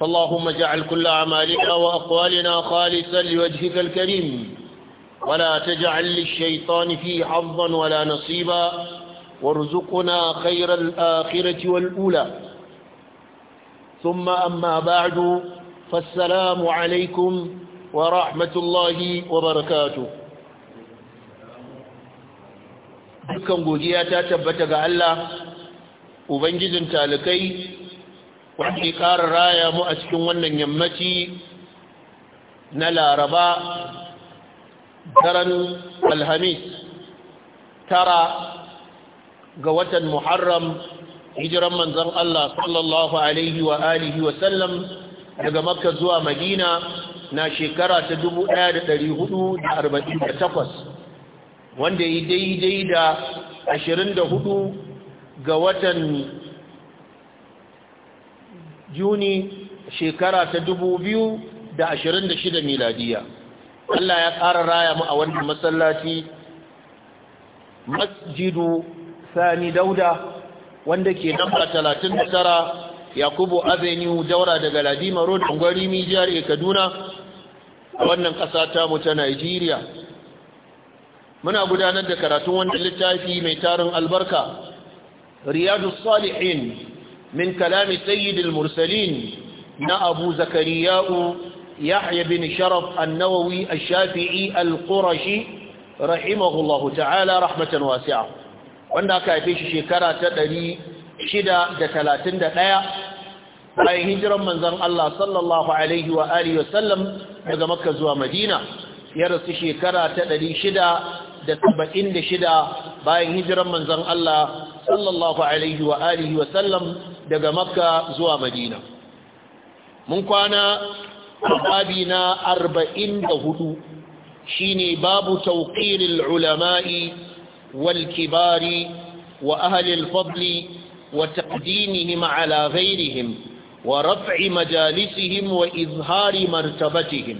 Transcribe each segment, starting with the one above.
فاللهم اجعل كل أعمالنا وأقوالنا خالصا لوجهك الكريم ولا تجعل للشيطان فيه حظا ولا نصيبا وارزقنا خير الآخرة والأولى ثم أما بعد فالسلام عليكم ورحمة الله وبركاته wanda ƙara raya mu a cikin wannan yammaci na laraba daren alhamis tara ga watan muharram hijiran manzan Allah sallallahu alaihi wa alihi daga makka zuwa madina na shekara ta 1448 wanda ya daidai da 24 ga watan juni shekara ta dubu biyu da ashirin da shida miladiya Allah ya ƙara raya mu a wannan masallaci masjidu sani dauda wanda ke namba talatin da tara yakubu avenue daura daga ladima road ungwari mijiyar kaduna a wannan ƙasa tamu ta Najeriya. muna gudanar da karatun wannan littafi mai tarin albarka riyadu salihin min kalami sayyidil mursalin na abu zakariya'u yahya bin sharaf annawawi ash-shafi'i al-qurashi rahimahullahu ta'ala rahmatan wasi'a wanda aka haife shi shekara ta 631 bayan hijiran manzon Allah sallallahu alaihi wa wa sallam daga Makka zuwa Madina ya rasu shekara ta 676 bayan hijiran manzon Allah sallallahu alaihi wa sallam daga makka zuwa madina mun kwana babi na arba'in da hudu shine babu tauƙirin ulama'i wal kibari wa ahalil fadli wa taqdimihim ala ghairihim wa raf'i majalisihim wa izhari martabatihim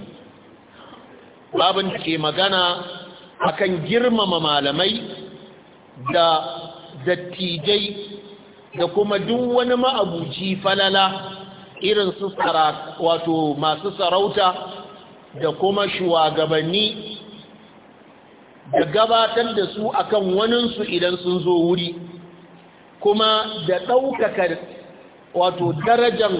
babin ke magana akan girmama malamai da dattijai da kuma duk wani ma'abuci falala irin su tsara, wato masu sarauta da kuma shugabanni da gabatar da su akan waninsu idan sun zo wuri kuma da ɗaukaka wato darajan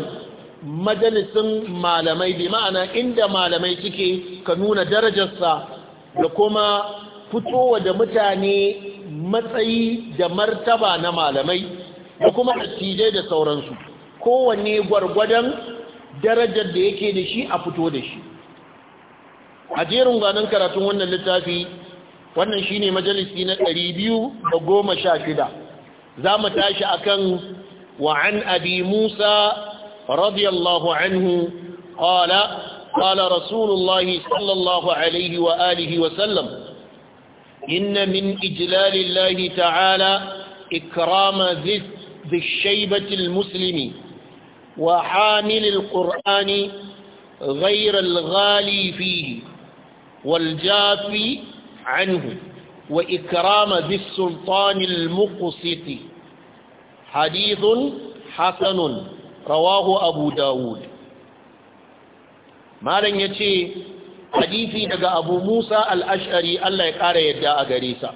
majalisun malamai bi ma'ana inda malamai suke ka nuna darajarsa da kuma fitowa da mutane matsayi da martaba na malamai da kuma dattijai da sauransu kowanne gwargwadon darajar da yake da shi a fito da shi a jerin ganin karatun wannan littafi wannan shine majalisi na ɗari biyu da goma sha shida. za mu tashi a kan waan abi musa الله عنه قال قال رسول sallallahu alaihi wa عليه wa sallam inna min إجلال ta'ala تعالى بالشيبة المسلم وحامل القرآن غير الغالي فيه والجافي عنه وإكرام ذي السلطان المقسط حديث حسن رواه أبو داود ما لن يتي حديثي لك أبو موسى الأشعري الله يقار يدعى قريسا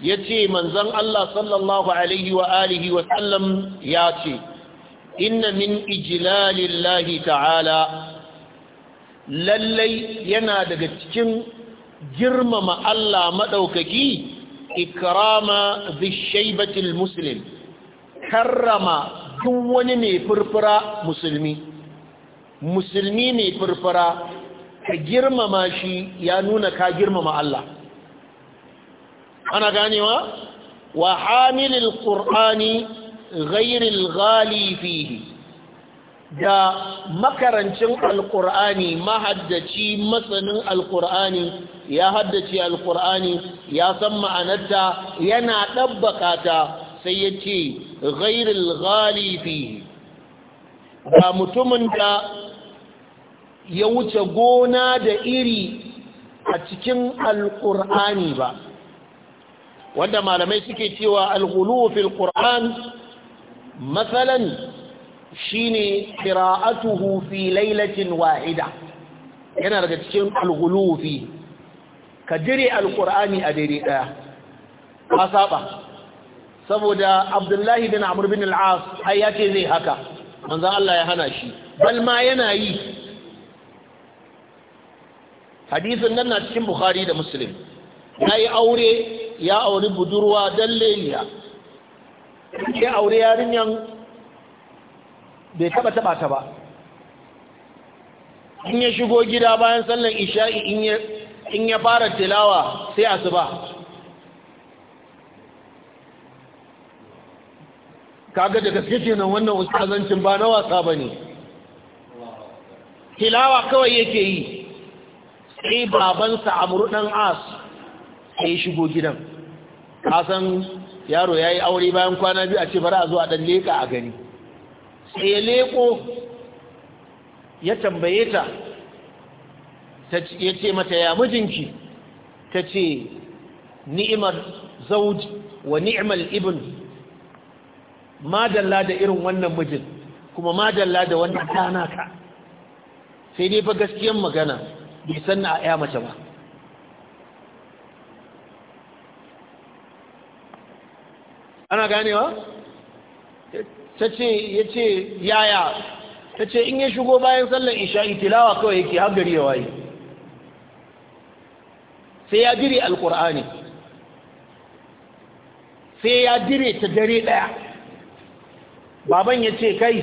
ya ce manzan Allah sallallahu Alaihi wasallam ya ce inna min ijilalillahi ta'ala lallai yana daga cikin girmama Allah maɗaukaki ikrama zishaibatil muslim karrama duk wani mai furfura musulmi musulmi mai furfura ka girmama shi ya nuna ka girmama Allah ana ganewa wa hamilil qur'ani ghairil ghali fihi da makarancin alqur'ani mahaddaci masanin alqur'ani ya haddace alqur'ani ya san ma'anarta yana dabbaka ta sai yace ghairil ghali fihi ba mutumin da ya wuce gona da iri a cikin alqur'ani ba wanda malamai suke cewa alghulu fil qur'an matsalan shine qira'atuhu fi laylatin wahida yana daga cikin alghulu fi ka jire alqur'ani a daidai daya ba saba saboda abdullahi bin amr bin al-as ai zai haka manzon Allah ya hana shi bal ma yana yi hadisin nan na cikin bukhari da muslim yayi aure ya auri budurwa don leliya ya auri yarinyan bai taba taba ta ba in ya shigo gida bayan sallan isha'i in ya fara tilawa sai asuba kaga da gaske kenan wannan ustazancin ba na wasa ba ne. tilawa kawai yake yi sai babansa amru dan as sai shigo gidan kasan yaro ya yi aure bayan kwana biyu a ce bari a zo a ɗan leƙa a gani sai ya leƙo ya tambaye ta ya ce mata ya mijinki ta ce ni'imar zauj wa ni'imar ibn madalla da irin wannan mijin kuma madalla da wannan ka?' sai dai fa gaskiyan magana bai san a ya mace ba ana ganewa ta ce ya ce yaya ta ce in ya shigo bayan sallar isha'i tilawa kawai yake har gari ya waye sai ya dire alkur'ani sai ya dire ta dare ɗaya. baban ya ce kai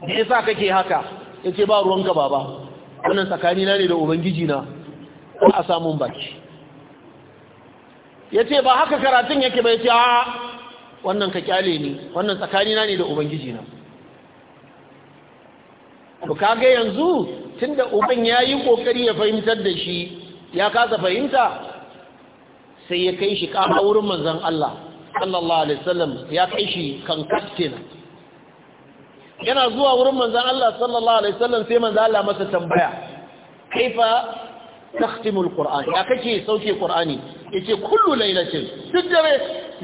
da yasa kake haka ya ce ba ruwanka baba wannan tsakanina ne da ubangiji na a samun baki ya ce ba haka karatun yake bai ce a wannan ka kyale ni wannan tsakanina ne da ubangiji na to kaga yanzu tun da uban ya yi kokari ya fahimtar da shi ya kasa fahimta sai ya kai shi kama wurin manzan Allah sallallahu alaihi wasallam ya kai shi kan kastina yana zuwa wurin manzan Allah sallallahu alaihi wasallam sai manzan Allah masa tambaya kaifa takhtimul qur'an ya kake sauke qur'ani yace kullu lailatin duk dare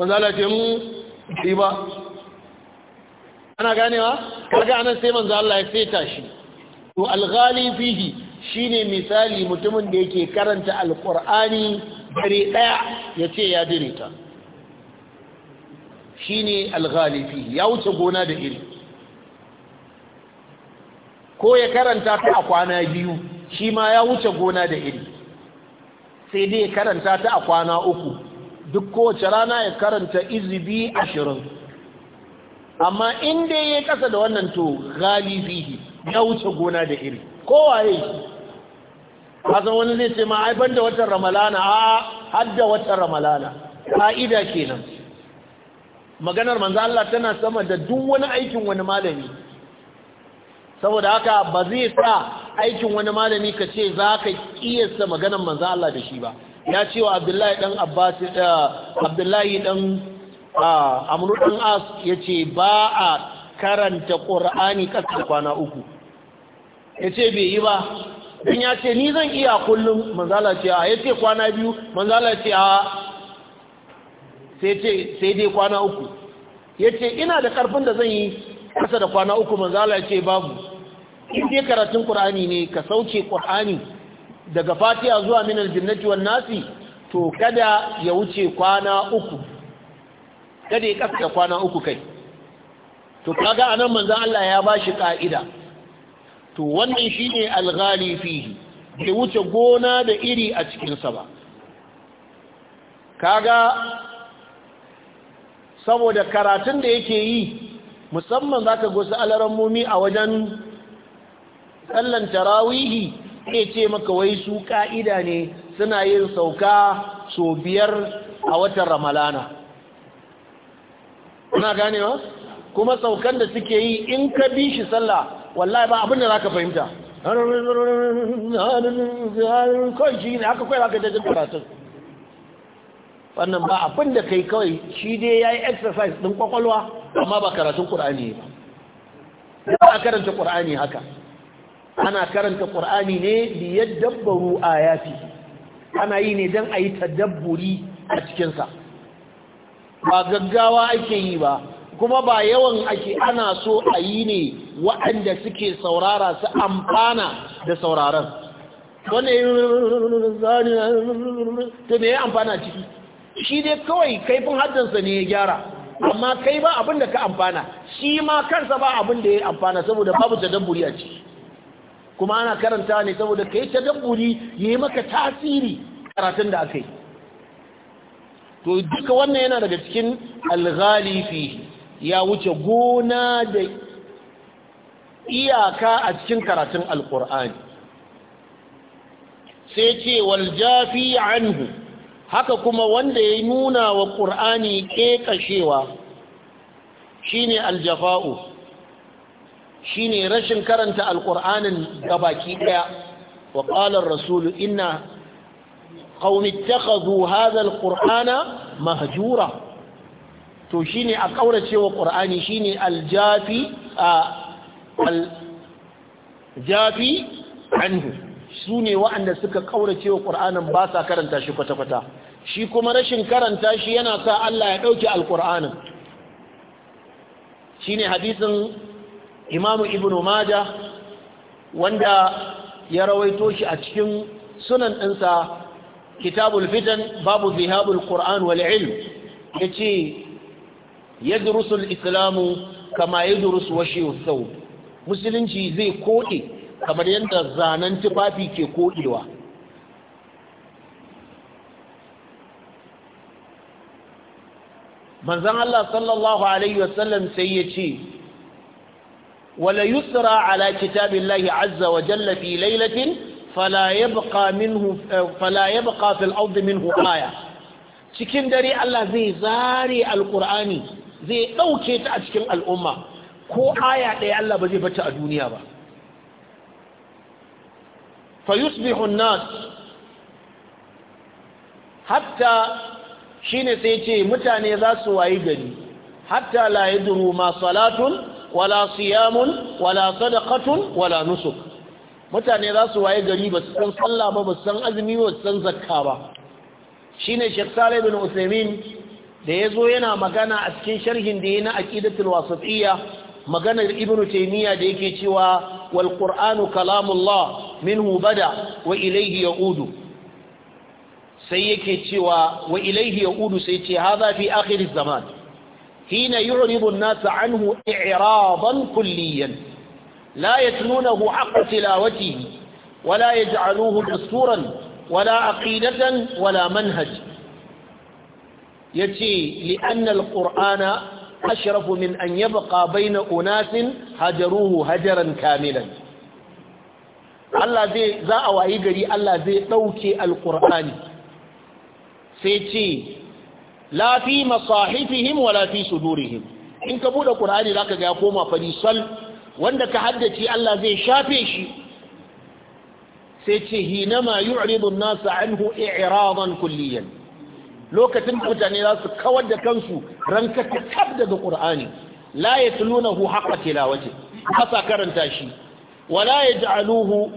manzala ce mu yi ba ana ganewa kaga anan sai manzo Allah ya saita shi to alghali fihi shine misali mutumin da yake karanta alqur'ani dare daya yace ya dire ta shine alghali fihi ya wuce gona da iri ko ya karanta ta a kwana biyu shi ma ya wuce gona da iri sai dai karanta ta a kwana uku duk kowace rana ya karanta izibi ashirin amma inda ya yi kasa da wannan to galibi ya wuce gona da iri kowaye kasan wani zai ce ma haifar da watan ramalana a hadda watan ramalana ka'ida kenan maganar manzo Allah tana sama da duk wani aikin wani malami saboda haka ba zai sa aikin wani malami ka ce za ka kiyasta maganan manzan Allah da shi ba ya ce wa abdullahi dan amuru eh, abdullahi dan ah, amru dan as ba a karanta ƙor'ani ƙasar kwana uku Ya ce bai yi ba dan ya ce ni zan iya kullum manzala ce a ce kwana biyu manzala ce a sai dai kwana uku Ya ce ina da ƙarfin da zan yi ƙasa da kwana uku manzala ce babu in dai karatun qur'ani ne ka sauke ƙur'ani daga fatiha zuwa min aljannati wan nasi to kada ya wuce kwana uku kada ya kasa kwana uku kai to kaga anan manzon Allah ya ba shi ka'ida to wannan shine alghali fihi bai wuce gona da iri a cikinsa ba kaga saboda karatun da yake yi musamman za ka gosu alarammomi a wajen sallan tarawihi ke ce maka wai su ka'ida ne suna yin sauka so biyar a watan ramalana kuna ganewa kuma saukan da suke yi in ka bi shi sallah wallahi ba abin da za ka fahimta haka ka wannan ba abin da kai kawai shi dai ya yi exercise ɗin kwakwalwa amma ba karatun ƙura'ani ba ba a karanta ƙura'ani haka ana karanta qur'ani ne dabbaru a ayati ana yi ne dan ayi tadabburi a cikinsa. sa ba gaggawa ake yi ba kuma ba yawan ake ana so a yi ne waɗanda suke saurara su amfana da sauraron wanda yi ta ne ya amfana ciki shi ne kawai kaifin haddansa ne ya gyara amma kai ba abin ka amfana shi ma kansa ba abin da ya amfana saboda babu tadabburi a ciki kuma ana karanta ne saboda kai ya yayi maka tasiri karatun da yi. to duka wannan yana daga cikin alghalifi ya wuce gona da iyaka a cikin karatun Alƙur'ani. sai ce wal jafi anhu haka kuma wanda ya nuna wa ƙur'ani ƙeƙashewa shine aljafa'u shine rashin karanta alqur'anin gabaki daya wa qala rasulu inna qaumi ittakhadhu hadha alqur'ana mahjura to shine a kauracewa qur'ani shine aljafi a aljafi anhu sune wa'anda suka kauracewa qur'anin ba sa karanta shi kwata-kwata shi kuma rashin karanta shi yana sa Allah ya dauke alqur'anin shine hadisin imamu ibnu maja wanda ya rawaito shi a cikin sunan ɗinsa kitabul fitan babu zihabul ƙur'an wal ilm yace yadrusul islamu kama yadrus washi'u thawb musulunci zai kode kamar yadda zanen tufafi ke kodewa manzon Allah sallallahu alaihi wasallam sai yace wala yusra ala kitabillahi azza wa jalla fi lailatin fala yabqa minhu fala yabqa fil cikin dare Allah zai zare alqur'ani zai ɗauke ta a cikin al'umma ko aya ɗaya Allah ba zai bata a duniya ba hatta shine sai ce mutane za su wayi gari hatta la yadru ma salatun wala siyamun wala sadaqatun wala nusuk mutane za su waye gari ba su san sallah ba ba su san azumi ba su san zakka ba shine Sheikh Saleh bin Uthaymeen da yazo yana magana a cikin sharhin da yana aqidatul wasatiyya maganar Ibn Taymiyyah da yake cewa wal Qur'anu kalamullah minhu bada wa ilayhi yaudu sai yake cewa wa ilayhi yaudu sai ce haza fi akhiriz zaman hina yu'ridu an-nas anhu i'radan kulliyan la yatlunahu haqqa tilawatihi ولا يجعلوه دستورا ولا عقيدة ولا منهج يتي لأن القرآن أشرف من أن يبقى بين أناس هجروه هجرا كاملا Allah zai za a wayi gari Allah zai ɗauke alƙur'ani sai ce la fi masahifihim wala fi sudurihim in ka bude qur'ani zaka ga ya koma fadi sal wanda ka haddace Allah zai shafe shi sai ce hinama yu'ridu an-nasu anhu i'radan kulliyan lokacin mutane za su kawar da kansu ranka tab daga qur'ani la yatlunahu haqqa tilawati kasa karanta shi wala yaj'aluhu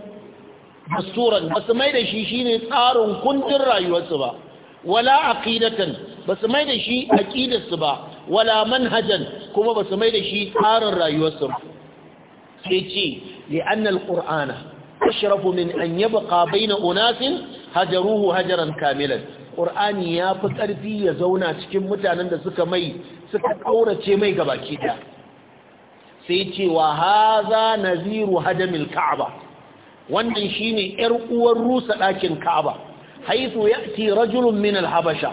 dasturan basu mai da shi shine tsarin kundin rayuwarsu ba wala aqidatan ba su mai da shi aqidarsu ba wala manhajan kuma ba su mai da shi tsarin rayuwarsu sai ce li'anna alqur'ana ashrafu min an yabqa bayna unasin hajaruhu hajaran kamilan qur'ani ya fi karfi ya zauna cikin mutanen da suka mai suka kaurace mai gabaki da sai ce wa haza naziru hadamil ka'aba wannan shine yar uwar rusa dakin ka'aba ya ya'ti rajulun min al-habasha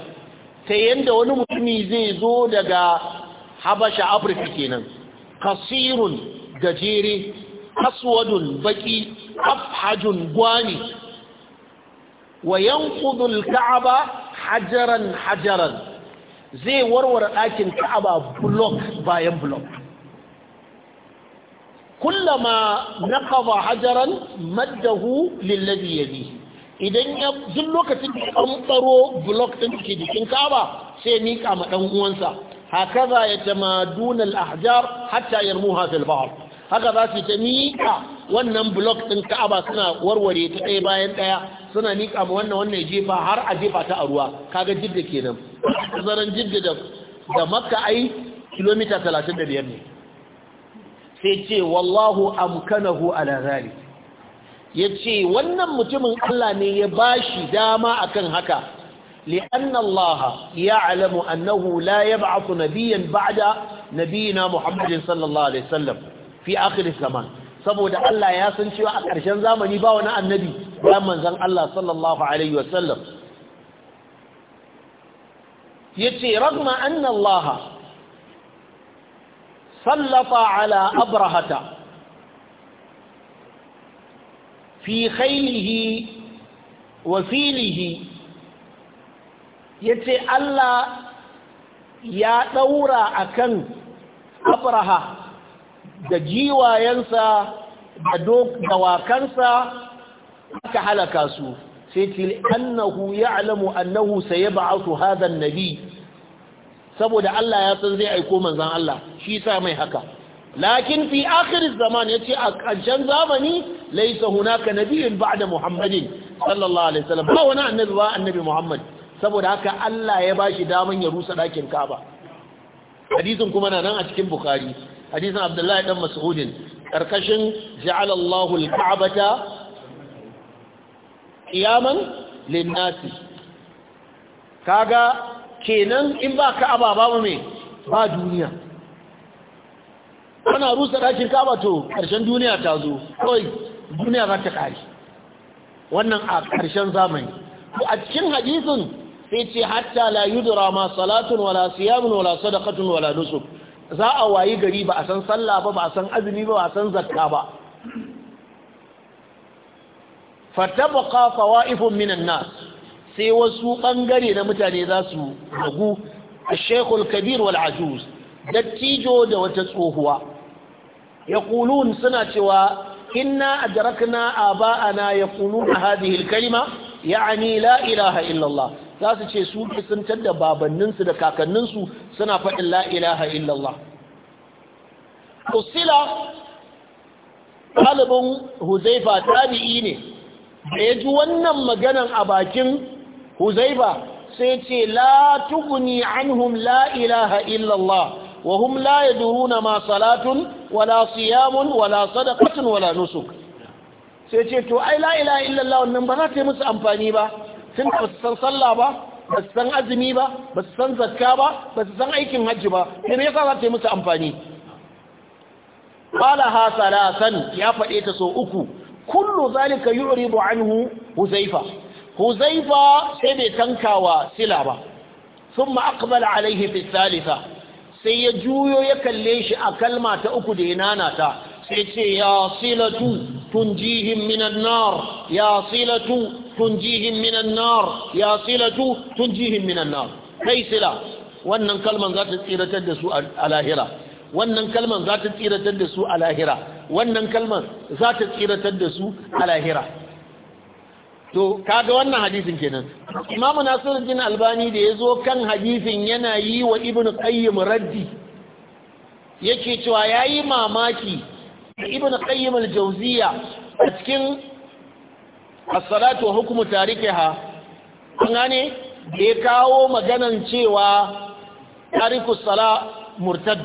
ta yanda wani mutumi zai zo daga habasha afirka kenan kasirun gajere aswadun baki afhajun gwani wa yanqudu kaaba hajaran hajaran zai warware ɗakin ka'aba block bayan block kullama naqaba hajaran maddahu lillazi yadihi idan ya duk lokacin da an tsaro blok ɗin ke jikin kaba sai miƙa ma ɗan uwansa hakaza ya tamadun al-ahjar hatta yarmuha fil haka za su ta miƙa wannan blok ɗin ka'aba suna warware ta ɗaya bayan ɗaya suna miƙa ma wannan wannan jefa har a jefa ta a ruwa kaga jidda kenan zaran jidda da da makka ai kilomita biyar ne sai ce wallahu amkanahu ala zalik ya ce wannan mutumin Allah ne ya ba shi dama akan haka li'anna Allah ya alamu annahu la ya ba'afu nabiyan ba'da nabiyina Muhammadin sallallahu alaihi wasallam fi akhir zaman saboda Allah ya san cewa a ƙarshen zamani ba wani annabi ya manzan Allah sallallahu alaihi wasallam yace ragma anna Allah sallafa ala abrahata fi khailihi wa filihi yace Allah ya daura akan abraha da jiwayensa da dawakansa aka halaka su sai til annahu ya'lamu annahu sayab'athu hadha an-nabi saboda Allah ya san zai aiko manzon Allah shi sa mai haka lakin fi akhir zaman yace a ƙarshen zamani laysa hunaka nabiyyun ba'da muhammadin sallallahu alaihi wasallam ba wani annabi ba annabi muhammad saboda haka Allah ya bashi daman ya rusa dakin Kaaba hadisin kuma na nan a cikin bukhari hadisin abdullahi dan mas'udin karkashin ja'alallahu al-ka'bata qiyaman lin-nasi kaga kenan in ba ka'aba babu me ba duniya kana rusa ɗakin kaba to ƙarshen duniya ta zo kawai duniya za ta ƙari wannan a ƙarshen zamani a cikin hadisin sai ce hatta la yudra ma salatun wala siyamun wala sadaqatun wala nusuk za a wayi gari ba a san sallah ba ba a san azumi ba ba a san zakka ba fatabqa fawaifun minan nas sai wasu bangare na mutane za su ragu kabir wal والعجوز dattijo da wata tsohuwa yaqulun suna cewa inna adrakna aba'ana yaquluna a hadihil kalima ya'ni la ilaha illa za su ce su sun tadda babanninsu da kakanninsu suna faɗin la'ilaha illallah. usila ɗalibin huzaifa tabi'i ne da ya ji wannan maganan a bakin huzaifa sai ce la tuguni anhum la ilaha illallah wa hum ya yaduruna ma salatun wala siyamun wala sadaqatun wala nusu. sai ce to ai la ilaha illallah wannan ba za ta yi musu amfani ba sun ba su san sallah ba ba su san azumi ba ba su san zakka ba ba su san aikin hajji ba me yasa za ta yi musu amfani qala ha salasan ya faɗe ta so uku kullu zalika yu'ridu anhu huzaifa huzaifa sai bai tankawa sila ba ثم أقبل عليه في sai ya juyo ya kalle shi a kalma ta uku da ya nanata sai ce ya silatu tunjihim minan nar ya silatu tunjihim minan nar ya silatu tunjihim minan nar kai sila wannan kalman za ta tsiratar da su a lahira wannan kalman za ta tsiratar da su a lahira wannan kalman za ta tsiratar da su a lahira to kaga wannan hadisin kenan imamu nasiruddin albani da ya zo kan hadisin yana yi wa ibnu qayyim raddi yake cewa yayi mamaki ibnu qayyim al-jawziya a cikin as-salatu wa hukmu tarikiha ne? da ya kawo maganan cewa tariku sala murtad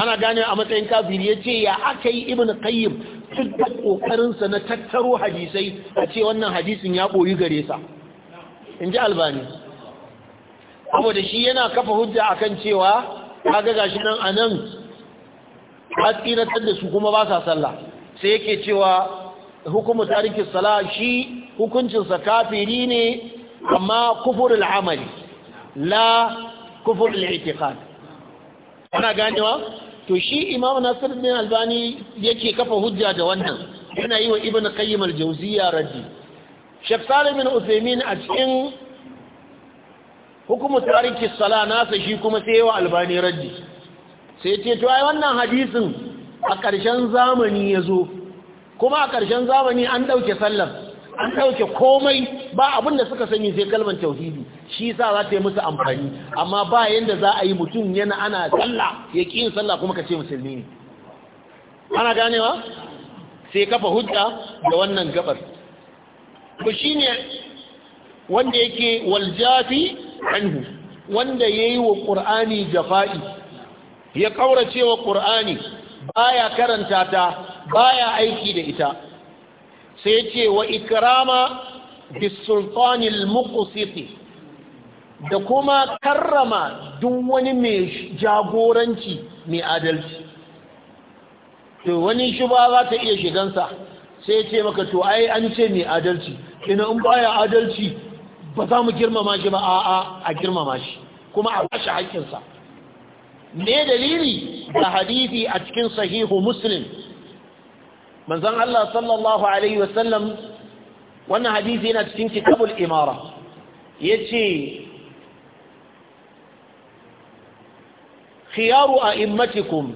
ana gane a matsayin kafiri yace ya akai ibnu qayyim duk ƙoƙarinsa na tattaro hadisai a ce wannan hadisin ya ɓoyi gare sa in ji albani saboda shi yana kafa hujja akan cewa kaga gashi nan a nan a tsinatar da su kuma ba sa sallah sai yake cewa hukumar tarikin sala shi hukuncinsa kafiri ne amma kufurul amali la kufurul itikad ana ganewa to shi imam nasir bin albani yake kafa hujja da wannan yana yi wa ibn qayyim al-jawziya raddi shek salim bin usaymin a cikin hukumu tariki sala nasa shi kuma sai yawa albani raddi sai ce to ai wannan hadisin a ƙarshen zamani ya zo kuma a ƙarshen zamani an ɗauke sallar an ɗauke komai ba abin da suka sani sai kalmar tauhidi shi sa za ta yi musu amfani amma ba yadda za a yi mutum yana ana sallah ya ƙi yin sallah kuma ka ce musulmi ne ana ganewa sai kafa hujja da wannan gabar ku ne wanda yake waljafi anhu wanda ya yi wa ƙur'ani jafa'i ya ƙaurace wa ba ya karanta ta ya aiki da ita sai ce wa ikirama bisultanil muqsiti da kuma karrama duk wani mai jagoranci mai adalci to wani shuba za ta iya shigansa sai ce maka to ai an ce mai adalci ina in baya adalci ba za mu girmama shi ba a'a a girmama shi kuma a bashi haƙƙinsa me dalili da hadisi a cikin sahihu muslim manzon Allah sallallahu alaihi wasallam wannan hadisi yana cikin كتاب الامارة yace خيار ائمتكم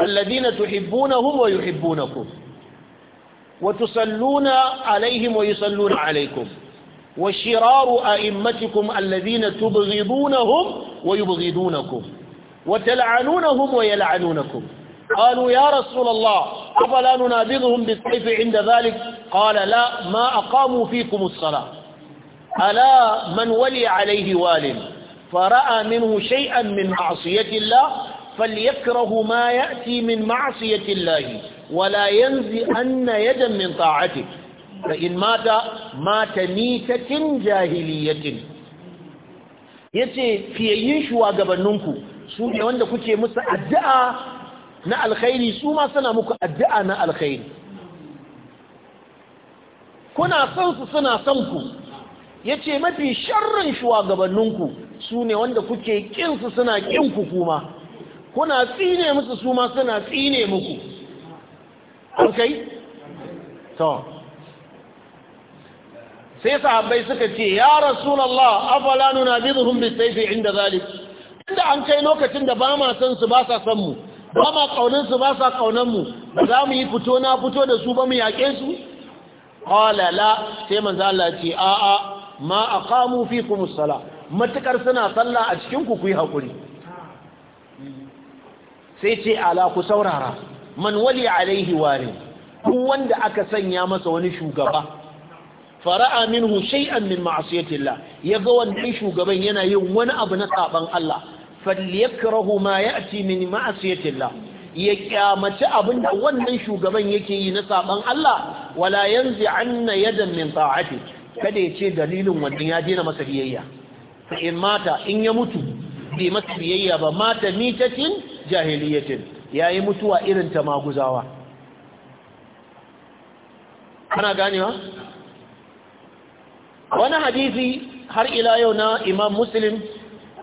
الذين تحبونهم ويحبونكم وتصلون عليهم ويصلون عليكم وشرار ائمتكم الذين تبغضونهم ويبغضونكم وتلعنونهم ويلعنونكم قالوا يا رسول الله أفلا ننابغهم بالسيف عند ذلك قال لا ما أقاموا فيكم الصلاة ألا من ولي عليه وال فرأى منه شيئا من معصية الله فليكره ما يأتي من معصية الله ولا ينزي أن يدا من طاعته فإن مات مات ميتة جاهلية yace fiyayyin shugabannin ku su ne wanda kuke musu addu'a na alkhairi su ma suna muku addu'a na alkhairi kuna son su suna son ku yace mafi sharrin shugabanninku su ne wanda kuke ƙinsu suna kin ku kuma kuna tsine musu su ma suna tsine muku okay to sai sahabbai suka ce ya rasulullah na nunabidhum bisayfi inda zalik inda an kai lokacin da ba ma son su ba sa son mu ba ma ƙauninsu ba sa ƙaunanmu ba za mu yi fito na fito da su ba mu yaƙe su ƙwalala sai manzo Allah ce a'a ma a kamu fi kuma sala matuƙar suna sallah a cikin ku yi haƙuri sai ce ala ku saurara man wali alaihi ware duk wanda aka sanya masa wani shugaba fara'a minhu shay'an min ma'asiyatillah yaga wannan shugaban yana yin wani abu na saban Allah falyakrahu ma ya'ti min ma'siyati Allah ya kyamaci abinda wannan shugaban yake yi na saban Allah wala yanzu yanzi anna yadan min ta'ati kada ya ce dalilin wannan ya dena masa biyayya fa in mata in ya mutu bai masa biyayya ba mata mitatin jahiliyatin yayi mutuwa irin ta maguzawa ana ganewa wani hadisi har ila yau na imam muslim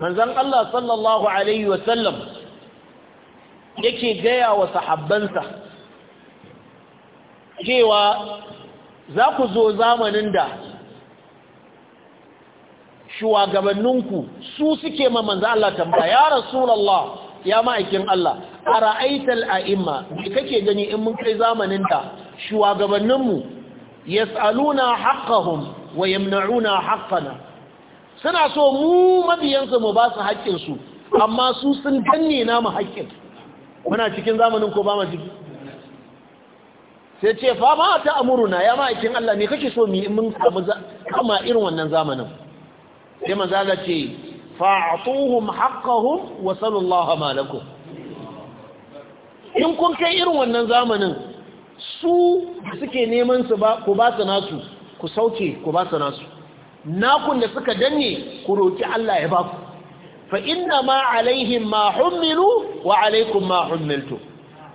manzon Allah sallallahu alaihi wasallam yake gaya wa sahabbansa cewa za ku zo zamanin da shugabanninku su suke ma manzo Allah tambaya ya rasulullah ya ma'aikin Allah ra'aitar a'imma me kake gani in mun kai zamanin da shugabanninmu yas'aluna haqqahum wa yamna'una haqqana suna so mu mabiyansu mu ba su haƙƙinsu amma su sun danne mu haƙƙin muna cikin zamanin ko ba ma ciki sai ce fa ma ta amuruna ya ma'aikin Allah ne kake so mu yi mun samu kama irin wannan zamanin sai manzo Allah ce fa'atuhum haqqahum wa sallallahu ma in kun kai irin wannan zamanin su suke neman su ba ku ba su nasu ku sauke ku ba su nasu nakun da suka danne ku roki Allah ya baku fa inna ma alaihim ma hummilu wa alaikum ma hummiltu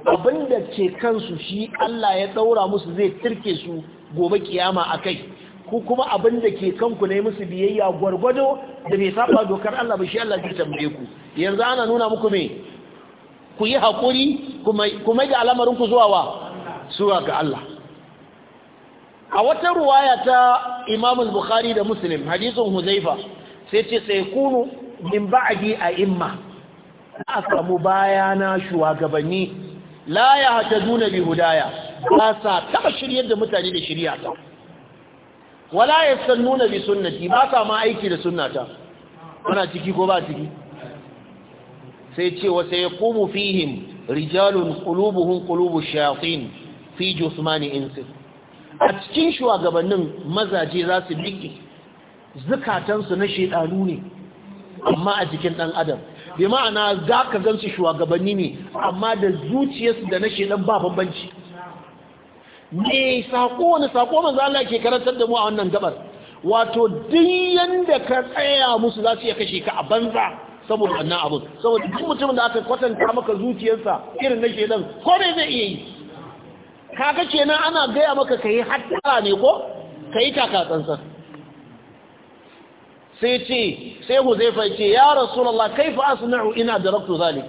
abinda ce kansu shi Allah ya daura musu zai tirke su gobe kiyama akai ku kuma abinda ke kanku ne musu biyayya gwargwado da bai saba dokar Allah ba shi Allah zai tambaye ku yanzu ana nuna muku me ku yi hakuri kuma kuma da alamarin ku zuwa wa zuwa ga Allah a wata ruwaya ta imam bukhari da muslim hadisin huzaifa sai ce sai kunu min ba'adi a imma a samu bayana shugabanni la ya hataduna bi hudaya ba sa taba shiryar da mutane da shirya ta wala ya san nuna bi sunnati ba sa ma aiki da sunnata ana ciki ko ba ciki sai ce wa sai kunu fihim rijalun kulubuhun kulubu shafin fi jusmani insin a cikin shugabannin mazaje za su miƙe zukatansu na shaidanu ne amma a jikin ɗan adam bai ma'ana za ka gansu shugabanni ne amma da zuciyarsu da na shaidan ba bambanci me saƙo wani saƙo manzo Allah ke karantar da mu a wannan gabar wato duk yanda ka tsaya musu za su iya kashe ka a banza saboda wannan abu saboda duk mutumin da aka kwatanta maka zuciyarsa irin na shaidan ko me zai iya yi kaga kenan ana gaya maka ka yi hattara ne ko ka yi takatsantsan sai ce sai huzaifa ce ya rasulallah kaifa asna'u ina daraktu zalik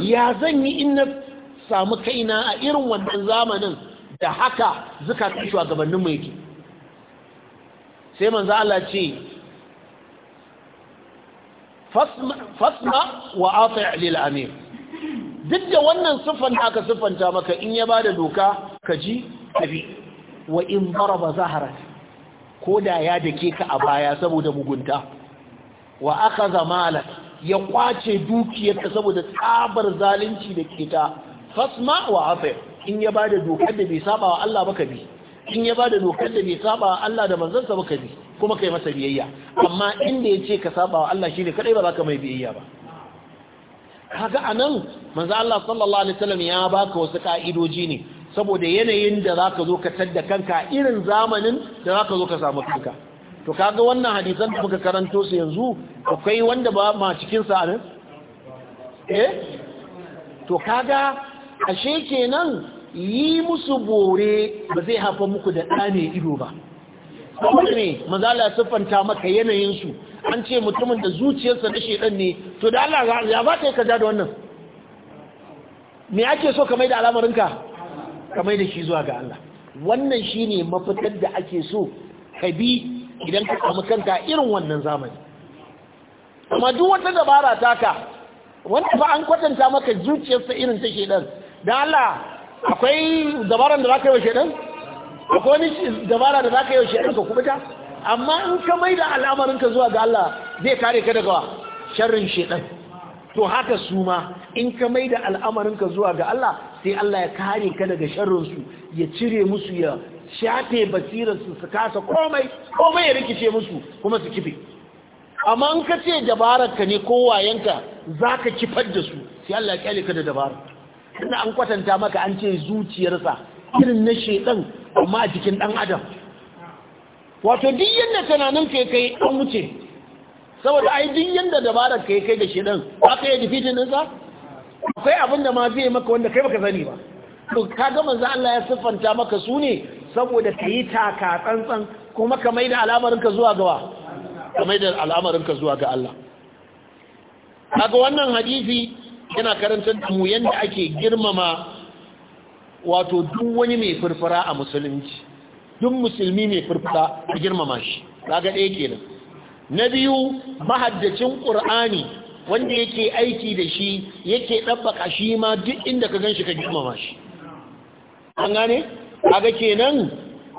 ya zan yi in na samu kaina a irin wannan zamanin da haka zukatan shugabannin mu yake sai manzo Allah ce fasma wa ati' lil amir duk da wannan siffan da aka siffanta maka in ya ba da doka ka ji tabi wa in daraba zaharat ko da ya dake ka a baya saboda mugunta wa akhadha malak ya kwace dukiyarka saboda tsabar zalunci da ke ta fasma wa afi in ya bada dokar da bai saba wa Allah ba ka bi in ya bada dokar da bai saba wa Allah da manzansa ba ka bi kuma kai masa biyayya amma inda ya ce ka saba wa Allah shine kadai ba za ka mai biyayya ba Haka anan manzo Allah sallallahu alaihi wasallam ya baka wasu ka'idoji ne saboda yanayin da za ka zo ka tadda kanka irin zamanin da za ka zo ka samu kanka to kaga wannan hadisan da muka karanto su yanzu akwai wanda ba ma cikin sa ne eh to kaga ashe kenan yi musu bore ba zai hafa muku da ɗane ido ba kuma ne mazala siffanta maka yanayin su an ce mutumin da zuciyarsa na shedan ne to da Allah ya ba ta kaza da wannan me ake so ka mai da al'amarinka kamar da shi zuwa ga Allah wannan shi ne mafitar da ake so ka bi idan ka samu kanka irin wannan zamani amma duk wata dabara taka wanda fa an kwatanta maka zuciyarsa irin ta shedan da Allah akwai dabaran da zaka yi wa shedan akwai wani dabara da zaka yi wa shedan ka kubuta amma in ka maida al'amarin ka zuwa ga Allah zai kare ka daga sharrin shedan to haka su ma in ka maida al'amarin ka zuwa ga Allah sai Allah ya kare ka daga sharrinsu ya cire musu ya shafe basirarsu su kasa komai komai ya rikice musu kuma su kife amma in ka ce dabararka ne ko wayanka za ka kifar da su sai Allah ya kyale ka da dabarar tunda an kwatanta maka an ce zuciyarsa irin na shedan amma a jikin dan adam wato duk yanda tunanin ka kai an wuce saboda ai duk yanda dabarar ka kai da shedan za ka yi difitin sa akwai abin da ma zai maka wanda kai baka sani ba to ga manzo Allah ya siffanta maka su ne saboda ka yi taka tsantsan kuma ka maida al'amarinka zuwa ga wa ka maida al'amarinka zuwa ga Allah kaga wannan hadisi yana karantar da mu yanda ake girmama wato duk wani mai furfura a musulunci duk musulmi mai furfura a girmama shi kaga ɗaya kenan na biyu mahaddacin qur'ani wanda yake aiki da shi yake ɗabbaka shi ma duk inda ka gan shi ka girmama shi an gane kaga kenan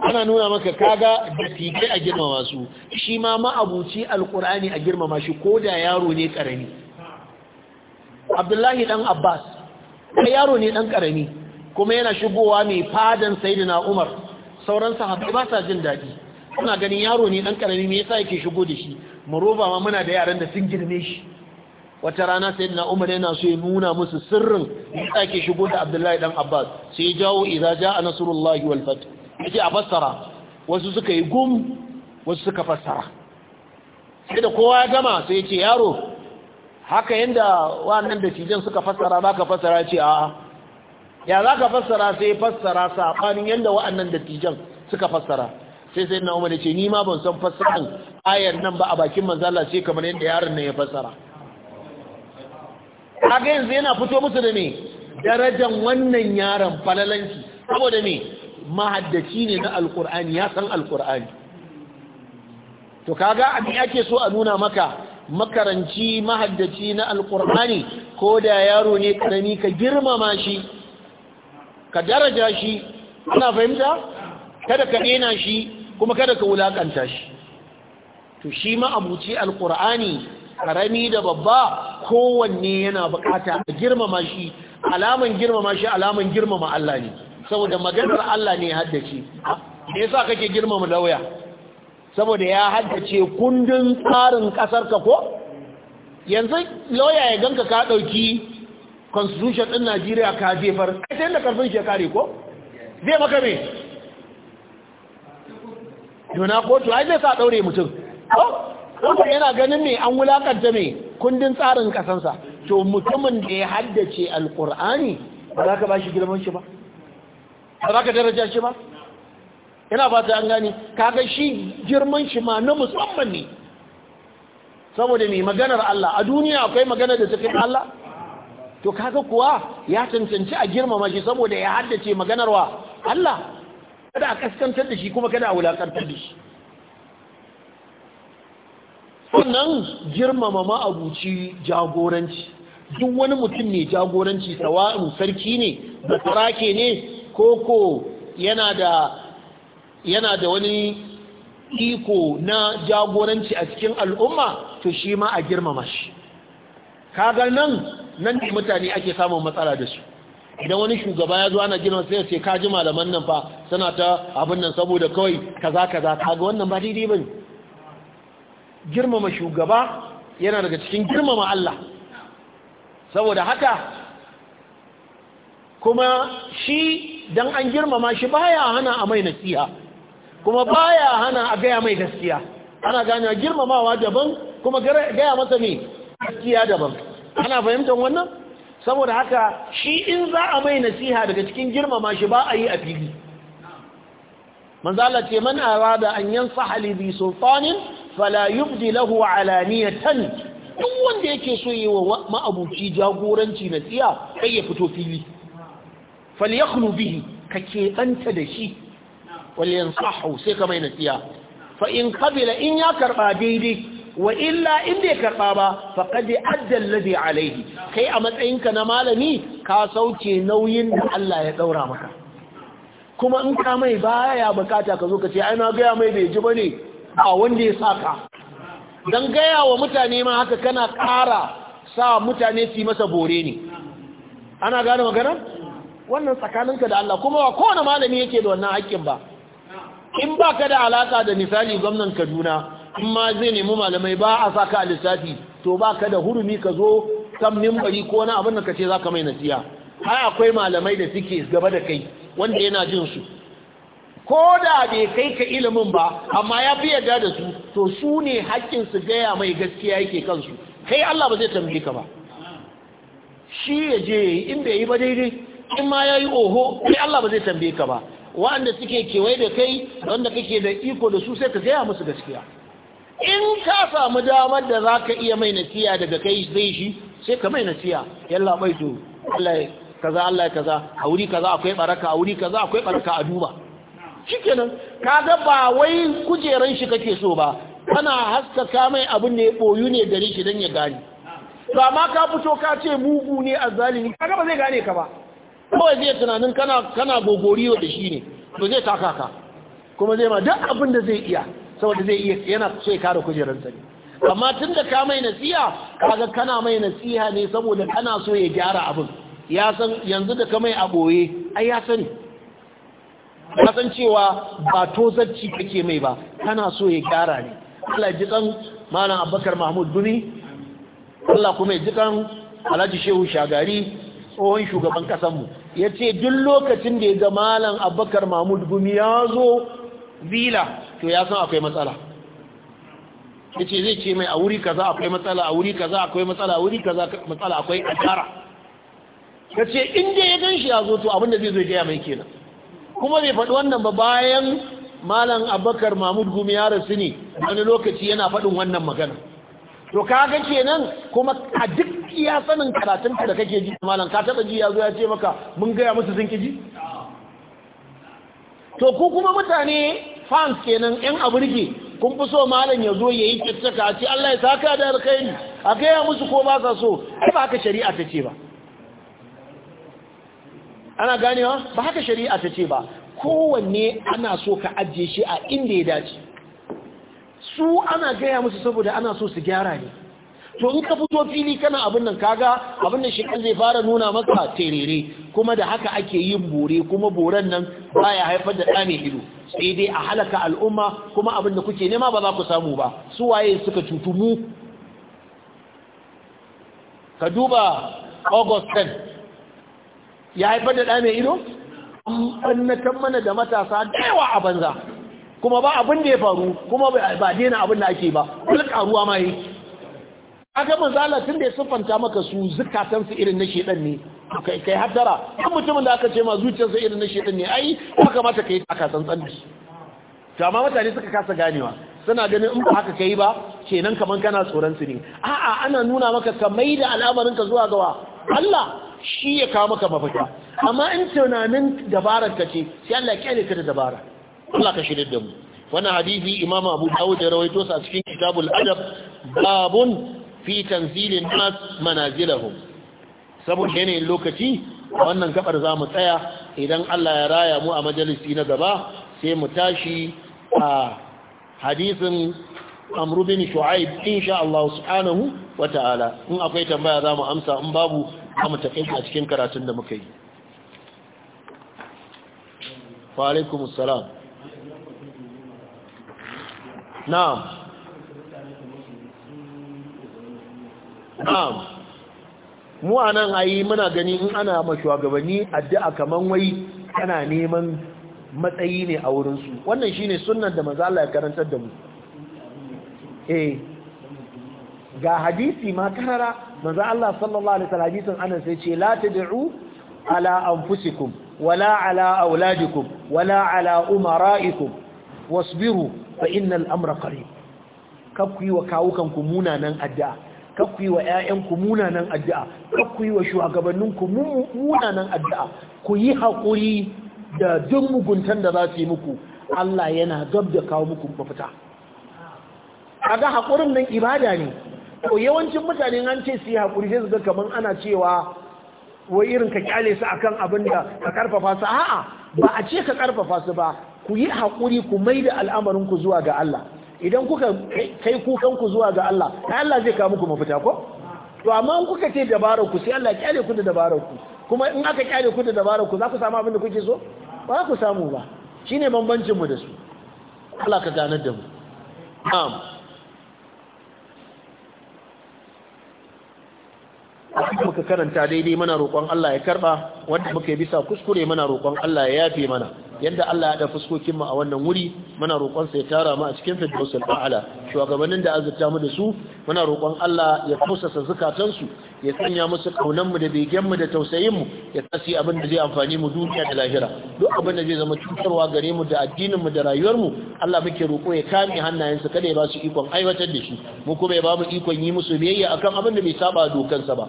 ana nuna maka kaga da fitai a girmama su shi ma ma'abuci alkur'ani a girmama shi ko da yaro ne karami abdullahi ɗan abbas ka yaro ne dan karami kuma yana shigowa mai fadan sayyidina umar sauran sahabai ba sa jin daɗi kuna ganin yaro ne ɗan karami me yasa yake shigo da shi mu roba ma muna da yaran da sun girme shi wata rana sai na umar yana so ya nuna musu sirrin da ake shigo da abdullahi dan abbas sai ya jawo idza jaa nasrullahi wal fath yace a fassara wasu suka yi gum wasu suka fassara sai da kowa ya gama sai ya ce yaro haka yadda wannan da cijan suka fassara ka fassara ce a'a ya za ka fassara sai fassara sabanin yadda wa'annan da cijan suka fassara sai sai na umar ya ce ni ma ban san fassaran ayar nan ba a bakin manzala sai kamar yadda yaron nan ya fassara ga yanzu yana fito musu da me darajan wannan yaron falalanci saboda me mahaddaci ne na alkur'ani ya san alkur'ani to kaga abin ake so a nuna maka makaranci mahaddaci na alkur'ani ko da yaro ne karami ka girmama shi ka daraja shi ana fahimta kada ka dena shi kuma kada ka wulakanta shi to shi ma abuci alkur'ani karami da babba kowanne yana bukata a girmama shi alaman girmama shi alaman girmama Allah ne saboda maganar Allah ne haddace me yasa kake girmama lauya saboda ya haddace kundin tsarin kasar ka ko yanzu lauya ya ganka ka dauki constitution din Najeriya ka jefar kai sai da karfin shekare ko zai maka me Dona kotu ai zai sa daure mutum Kuma yana ganin me an wulakanta me kundin tsarin kasansa to mutumin da ya haddace alkur'ani ba za ka ba shi girman shi ba ba za ka daraja shi ba yana ba ta an gani kaga shi girman shi ma na musamman ne saboda mai maganar Allah a duniya akwai maganar da take Allah to kaga kuwa ya cancanci a girmama shi saboda ya haddace maganarwa Allah kada a kaskantar da shi kuma kada a wulakantar da shi sannan girmama ma'abuci jagoranci duk wani mutum ne jagoranci sawa'in sarki ne da sarake ne ko ko da yana da wani iko na jagoranci a cikin al'umma to shi ma a girmama shi kagar nan nan ne mutane ake samun matsala da su idan wani shugaba ya zo ana girma sai ce ji malaman nan fa suna ta abin nan saboda kawai kaza kaza ga wannan ba daidai bane girmama shugaba yana daga cikin girmama Allah saboda haka kuma shi dan an girmama shi baya hana a mai nasiha kuma baya hana a gaya mai gaskiya ana gane girmamawa daban kuma gaya masa ne gaskiya daban ana fahimtar wannan saboda haka shi in za a mai nasiha daga cikin girmama shi ba a yi a fili manzala ce man arada an yansaha li sultanin fala yubdi lahu alaniyatan duk wanda yake so yi wa ma'abuci jagoranci na tsiya kai ya fito fili falyakhlu bihi ka keɓanta da shi walyansahu sai ka mai nasiya fa in qabila in ya karba daidai wa illa in bai karba ba faqad adda alladhi alayhi kai a matsayinka na malami ka sauke nauyin da Allah ya daura maka kuma in ka mai baya bukata ka zo ka ce ai na ga mai bai ji bane ba wanda ya saka don gaya wa mutane ma haka kana kara sa mutane su masa bore ne ana gane magana wannan tsakaninka da Allah kuma wa kowane malami yake da wannan haƙƙin ba in ba ka da alaƙa da misali gwamnan kaduna in ma zai nemi malamai ba a sa ka a lissafi to ba ka da hurumi ka zo kan mimbari ko wani abin da ka ce za ka mai nasiya ai akwai malamai da suke gaba da kai wanda yana jin su ko da bai kai ka ilimin ba amma ya fi yarda da su to su ne haƙƙin su gaya mai gaskiya yake kansu kai Allah ba zai tambaye ka ba shi ya je inda yi ba daidai in ma ya yi oho kai Allah ba zai tambaye ka ba wanda suke kewaye da kai wanda kake da iko da su sai ka gaya musu gaskiya in ka samu damar da za ka iya mai nasiya daga kai zai shi sai ka mai nasiya yalla bai to Allah kaza Allah kaza a wuri kaza akwai baraka a wuri kaza akwai baraka a duba shikenan kaga ba wai kujeran shi kake so ba kana haskaka mai abin da ya boyu ne gare shi dan ya gane ba ma ka fito ka ce mugu ne azzalimi kaga ba zai gane ka ba kawai zai tunanin kana kana gogoriyo da shi ne to zai taka ka kuma zai ma duk abin da zai iya saboda zai iya yana so ya kare kujeransa ne amma tun da ka mai nasiha kaga kana mai nasiha ne saboda kana so ya gyara abin ya san yanzu da ka mai a boye ai ya sani ka san cewa ba tozarci kake mai ba kana so ya gyara ne Allah ji kan malam Abubakar Mahmud Duni Allah kuma ya ji kan Alhaji Shehu Shagari tsohon shugaban kasanmu. mu yace duk lokacin da ya ga malam Abubakar Mahmud Gumi ya zo vila to ya san akwai matsala yace zai ce mai a wuri kaza akwai matsala a wuri kaza akwai matsala a wuri kaza matsala akwai asara yace in dai ya ganshi ya zo to abin da zai zo ya mai kenan kuma bai faɗi wannan ba bayan malam abakar mahmud gumi ya rasu ne wani lokaci yana faɗin wannan magana to kaga kenan kuma a duk iya sanin karatun da kake ji malam ka taɓa ji ya zo ya ce maka mun gaya musu sun ji to ku kuma mutane fans kenan yan aburge kun fi so malam ya zo ya yi kyakkyaka a ce Allah ya saka da alkhairi a gaya musu ko ba sa so ba haka shari'a ta ce ba ana ganewa ba haka shari'a ta ce ba kowanne ana so ka ajiye shi a inda ya dace su ana gaya musu saboda ana so su gyara ne to in ka fito fili kana abin nan kaga abin nan kan zai fara nuna maka terere kuma da haka ake yin bore kuma boren nan baya haifar da ɗa mai ido sai dai a halaka al'umma kuma abin da kuke nema ba za ku samu ba su waye suka cutu mu ka duba august 10 ya haifar da ɗa mai ido an ɓannatan mana da matasa da a banza kuma ba abin da ya faru kuma ba daina abin da ake ba wani ƙaruwa ma yi aka manzala tun da ya siffanta maka su zukatansu irin na shedan ne kai yi haddara ɗan mutumin da aka ce ma zuciyarsa irin na shedan ne ai kuma kamata yi taka tsantsan da shi to amma mutane suka kasa ganewa suna ganin in ba haka ka yi ba kenan kaman kana tsoron su ne a'a ana nuna maka ka maida al'amarin ka zuwa gawa Allah shi ya kawo maka mafita amma in tunanin dabarar ka ce sai Allah ya kyale ka da dabara Allah ka shirye da mu wannan hadisi Imam Abu Dawud ya rawaito sa cikin Kitabul Adab babun fi tanzilin nas manazilahum saboda yanayin lokaci wannan gabar za mu tsaya idan Allah ya raya mu a majalisi na gaba sai mu tashi a hadisin amru bin shu'aib insha Allah subhanahu wata'ala in akwai tambaya za mu amsa in babu za mu kai a cikin karatun da muka yi alaikum salam na'am na'am mu anan ayi muna gani in ana ma shugabanni addu'a kaman wai kana neman matsayi ne a wurinsu. su wannan shine sunnar da manzo Allah ya karantar da mu eh ga hadisi ma karara manzo Allah sallallahu alaihi wasallam hadisin anan sai ce la tad'u ala anfusikum wala ala auladikum wala ala umara'ikum wasbiru fa innal amra qarib kakku yi wa kawukan ku munanan addu'a kakku yi wa ƴaƴan ku munanan addu'a kakku yi wa shugabannin ku munanan addu'a ku yi hakuri da duk muguntan da za su yi muku Allah yana gab da kawo muku mafita kaga hakurin nan ibada ne to yawancin mutane an ce su yi haƙuri sai su ga kamar ana cewa wai irin ka kyale su akan abin da ka karfafa su a'a ba a ce ka karfafa su ba ku yi haƙuri ku mai da al'amarin ku zuwa ga Allah idan kuka kai kukan ku zuwa ga Allah ai Allah zai kawo muku mafita ko to amma in kuka ce dabarar ku sai Allah kyale ku da dabarar ku kuma in aka kyale ku da dabarar ku za ku samu abin da kuke so ba ku samu ba shine bambancin mu da su Allah ka ganar da mu na'am abin muka karanta daidai mana roƙon Allah ya karɓa. wanda muka bisa kuskure muna roƙon Allah ya yafe mana yadda Allah ya da fuskokin mu a wannan wuri muna roƙon sa ya tara mu a cikin firdausul a'la shugabannin da azurta mu da su muna roƙon Allah ya kusasa zakatan su ya sanya musu kaunan mu da begen mu da tausayin mu ya tasi abin da zai amfani mu duniya da lahira duk abin da zai zama cutarwa gare mu da addinin mu da rayuwar mu Allah muke roƙo ya kame hannayensa kada ya ba su ikon aiwatar da shi mu kuma ya ba mu ikon yi musu biyayya akan abin da bai saba dokansa ba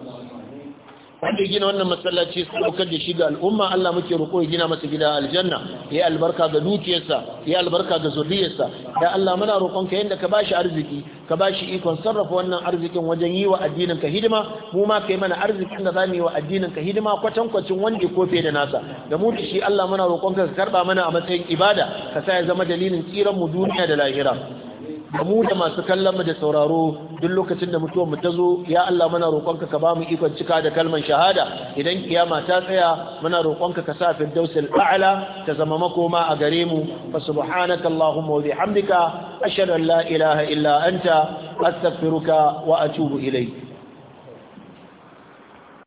wanda gina wannan masallaci su daukar da shi ga al'umma Allah muke roƙo ya gina masa gida aljanna ya albarka ga dukiyarsa ya albarka ga zuriyarsa ya Allah muna roƙon ka yanda ka bashi arziki ka bashi ikon sarrafa wannan arzikin wajen yi wa addinin ka hidima mu ma kai mana arzikin da zamu yi wa addinin ka hidima kwatan kwacin wanda ko fe da nasa da mu shi Allah muna roƙon ka ka karba mana a matsayin ibada ka sa ya zama dalilin tsiran mu duniya da lahira da mu da masu kallon mu da sauraro duk lokacin da mutuwar mu ta zo ya Allah muna roƙonka ka bamu ikon cika da kalman shahada idan kiyama ta tsaya muna roƙonka ka sa firdausul a'la ta zama makoma a gare mu fa subhanaka allahumma wa bihamdika ashhadu an la ilaha illa anta astaghfiruka wa atubu ilayk